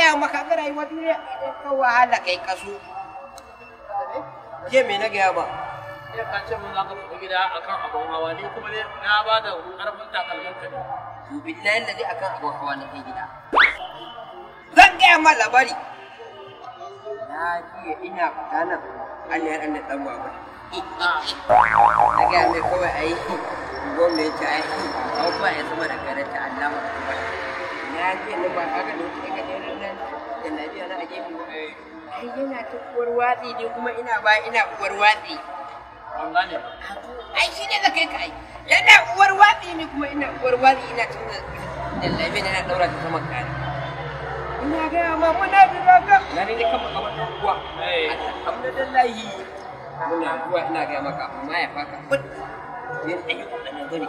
gaya maka ga rayuwar duniya idan wahala kai kaso je me na gaya ba ya kan ce mun za ka tafi gida akan abun hawa ne kuma ne na ba da karfin takalmin ka ne to billahi da dai akan abun hawa na kai gida zan gaya ma labari na jiya ina fita nan Allah ya ɗan ɗan baba na gaya mai kawai a yi gwamnati a yi kuma ya zama da karanta Allah na ji ba haka ga nan da lafiya a gefe ai yana ta uwar watsi ne kuma ina ba ina uwar watsi ai shi ne da kai kai yana uwar watsi ne kuma ina uwar watsi ina tun da lafiya na daura ta saman kare ina ga ma na bi ba ga na ne kan kamar wata uwa eh. alhamdulillahi muna uwa ina ga maka amma ya faka kudin yin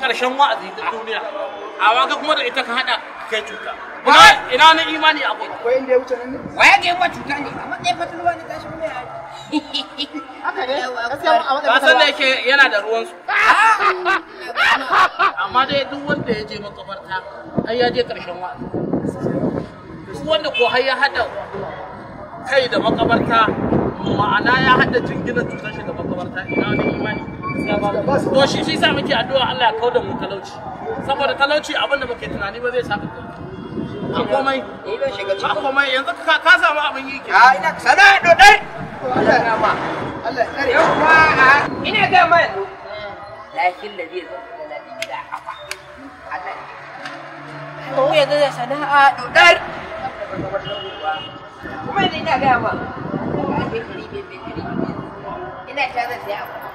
karshen wa'azi duk duniya a waka kuma da ita ka hada kai cuta ina na imani akwai ko inda ya wuce nan ne waya ga yawa cuta ne amma dai fatalwa ne gashi kuma ya haka ne a wata san da yake yana da ruwan su amma dai duk wanda ya je makabarta ai ya je karshen wa'azi duk wanda ko har ya haɗa kai da makabarta ma'ana ya haɗa jingina cutar shi da makabarta ina wani imani to shi shi sa muke addu'a Allah ya da mu talauci saboda talauci abin da muke tunani ba zai saka a komai ba komai yanzu ka ka samu abin yi ke a ah, ina sana dodar Allah ya ma Allah ya kare yawa ina ga ma yanzu lakin da zai zo da gida afa Allah ko ya sana'a kuma ina ga ma ina ta zai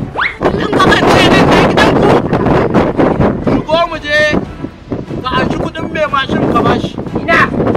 mashin ka bashi ina